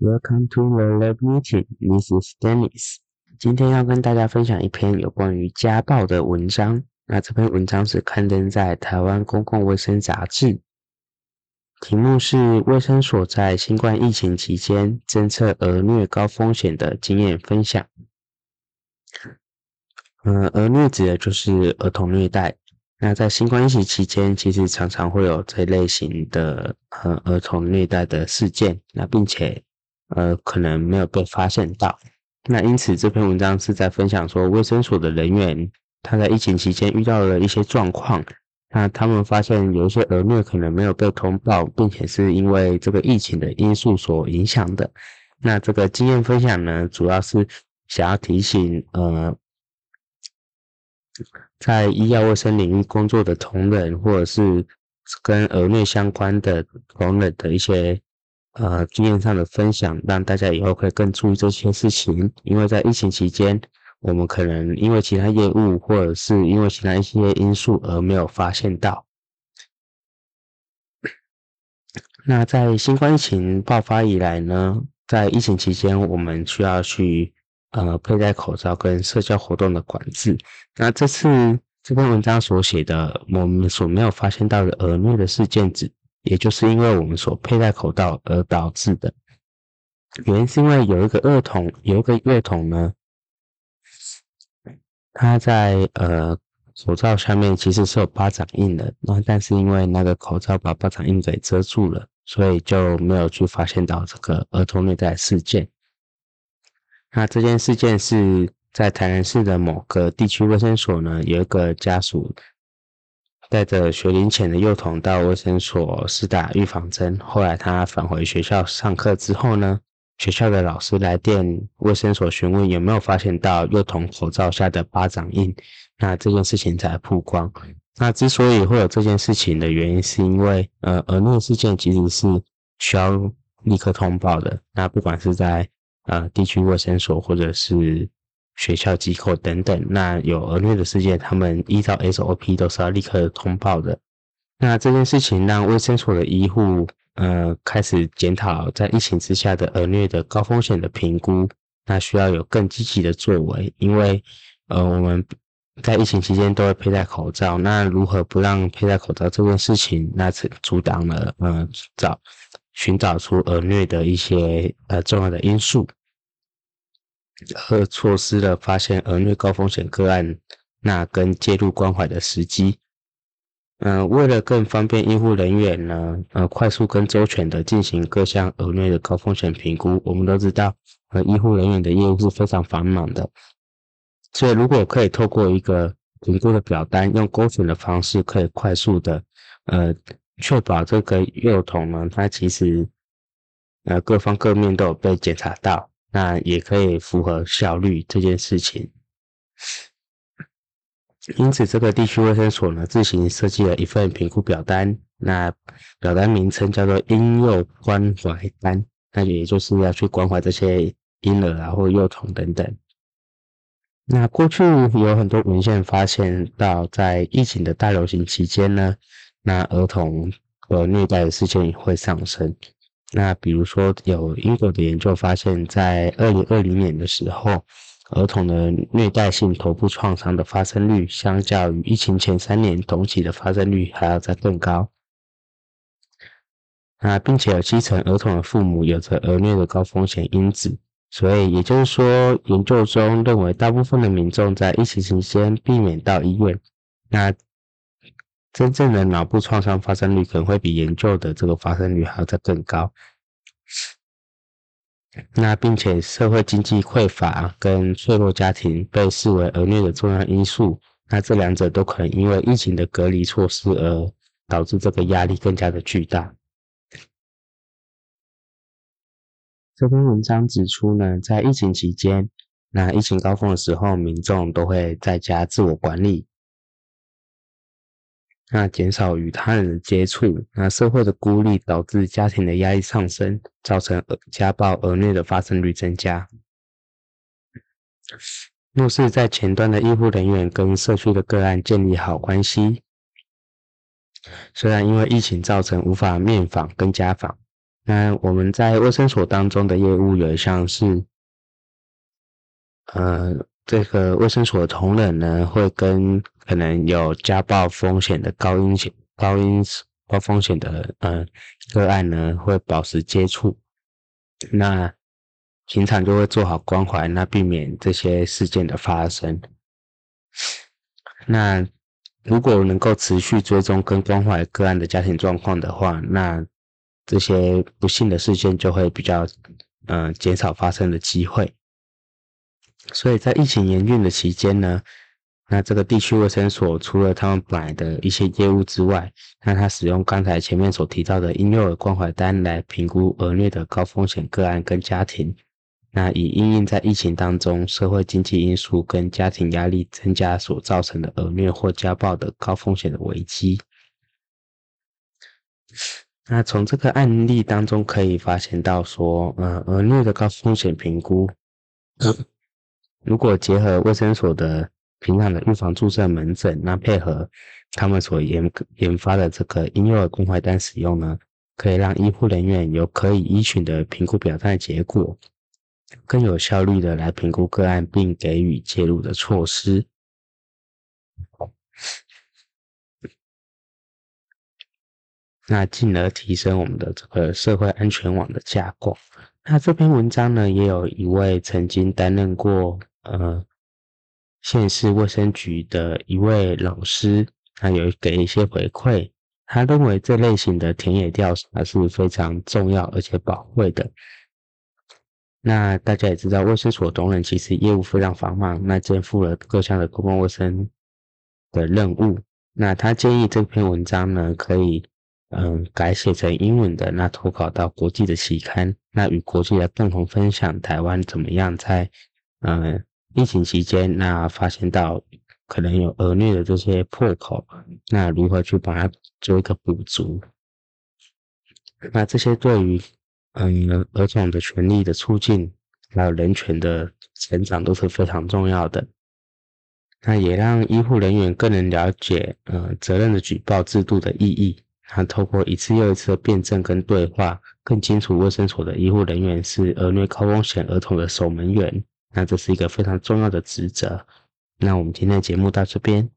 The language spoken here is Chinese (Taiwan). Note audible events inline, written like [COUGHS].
Welcome to the lab meeting, Mrs. Dennis。今天要跟大家分享一篇有關於家暴的文章。那這篇文章是刊登在台灣公共衛生雜誌，題目是《衛生所在新冠疫情期間偵測兒虐高風險的經驗分享》。嗯，兒虐指的就是兒童虐待。那在新冠疫情期間，其實常常會有這類型的呃、嗯、兒童虐待的事件。那並且呃，可能沒有被發現到。那因此，這篇文章是在分享說，衛生所的人員他在疫情期間遇到了一些狀況。那他們發現有一些兒虐可能沒有被通報，並且是因為這個疫情的因素所影響的。那這個經驗分享呢，主要是想要提醒呃，在醫藥衛生領域工作的同仁，或者是跟兒虐相關的同仁的一些。呃，經驗上的分享，讓大家以後可以更注意這些事情。因為在疫情期間，我們可能因為其他業務或者是因為其他一些因素而沒有發現到。那在新冠疫情爆發以來呢，在疫情期間，我們需要去呃佩戴口罩跟社交活動的管制。那這次這篇文章所寫的，我們所沒有發現到的兒虐的事件只。也就是因為我們所佩戴口罩而導致的，原因是因為有一個兒童，有一個兒童呢，他在呃口罩下面其實是有巴掌印的，那但是因為那個口罩把巴掌印給遮住了，所以就沒有去發現到這個兒童虐待事件。那這件事件是在台南市的某個地區衛生所呢，有一個家屬。帶着學齡前的幼童到衛生所施打預防針，後來他返回學校上課之後呢，學校的老師來電衛生所詢問有沒有發現到幼童口罩下的巴掌印，那這件事情才曝光。那之所以會有這件事情的原因，是因為呃，兒虐事件其實是需要立刻通報的。那不管是在呃地區衛生所或者是。學校機構等等，那有兒虐的事件，他們依照 SOP 都是要立刻通報的。那這件事情讓衛生所的醫護，呃，開始檢討在疫情之下的兒虐的高風險的評估，那需要有更積極的作為，因為呃，我們在疫情期間都會佩戴口罩，那如何不讓佩戴口罩這件事情，那阻阻擋了呃找尋找出兒虐的一些呃重要的因素。呃，和錯失了發現兒虐高風險個案，那跟介入關懷的時機，嗯，為了更方便醫護人員呢，呃，快速跟周全的進行各項兒虐的高風險評估。我們都知道，呃，醫護人員的業務是非常繁忙的，所以如果可以透過一個評估的表單，用勾選的方式，可以快速的，呃，確保這個幼童呢，他其實呃各方各面都有被檢查到。那也可以符合效率這件事情，因此這個地區衛生所呢，自行設計了一份評估表單，那表單名稱叫做“嬰幼關懷單”，那也就是要去關懷這些嬰兒啊或幼童等等。那過去有很多文獻發現到，在疫情的大流行期間呢，那兒童和虐待的事件也會上升。那比如說，有英國的研究發現，在二零二零年的時候，兒童的虐待性頭部創傷的發生率，相較於疫情前三年同期的發生率還要再更高。那並且有七成兒童的父母有着兒虐的高風險因子，所以也就是說，研究中認為大部分的民眾在疫情期間避免到醫院。那真正的腦部創傷發生率可能會比研究的這個發生率還要再更高。那並且社會經濟匱乏跟脆弱家庭被視為兒虐的重要因素。那這兩者都可能因為疫情的隔離措施而導致這個壓力更加的巨大。這篇文章指出呢，在疫情期間，那疫情高峰的時候，民眾都會在家自我管理。那減少與他人的接觸，那社會的孤立導致家庭的壓力上升，造成、呃、家暴、兒虐的發生率增加。若是在前端的醫護人員跟社區的個案建立好關係，雖然因為疫情造成無法面訪跟家訪，那我們在衛生所當中的業務有一項是，呃。這個衛生所的同仁呢，會跟可能有家暴風險的高風險、高高風險的呃個案呢，會保持接觸，那平常就會做好關懷，那避免這些事件的發生。那如果能夠持續追蹤跟關懷個案的家庭狀況的話，那這些不幸的事件就會比較嗯、呃、減少發生的機會。所以在疫情嚴峻的期間呢，那這個地區衛生所除了他們本來的一些業務之外，那他使用剛才前面所提到的嬰幼兒關懷單來評估兒虐的高風險個案跟家庭，那以因應對在疫情當中社會經濟因素跟家庭壓力增加所造成的兒虐或家暴的高風險的危機。那從這個案例當中可以發現到說，嗯、呃，兒虐的高風險評估，嗯。 [COUGHS] 如果結合衛生所的平常的預防注射門診，那配合他們所研研發的這個嬰幼兒關懷單使用呢，可以讓醫護人員有可以依循的評估表單結果，更有效率的來評估個案，並給予介入的措施。那進而提升我們的這個社會安全網的架構。那這篇文章呢，也有一位曾經擔任過。呃，縣市衛生局的一位老師，他有給一些回饋。他認為這類型的田野調查是非常重要而且寶貴的。那大家也知道，衛生所同仁其實業務非常繁忙，那肩負了各項的公共衛生的任務。那他建議這篇文章呢，可以嗯、呃、改寫成英文的，那投稿到國際的期刊，那與國際來共同分享台灣怎麼樣在嗯。呃疫情期間，那發現到可能有兒虐的這些破口，那如何去把它做一個補足？那這些對於嗯、呃、兒童的權利的促進，還有人權的成長都是非常重要的。那也讓醫護人員更能了解嗯、呃、責任的舉報制度的意義。那透過一次又一次的辯證跟對話，更清楚衛生所的醫護人員是兒虐高風險兒童的守門員。那這是一個非常重要的職責。那我們今天的節目到這邊。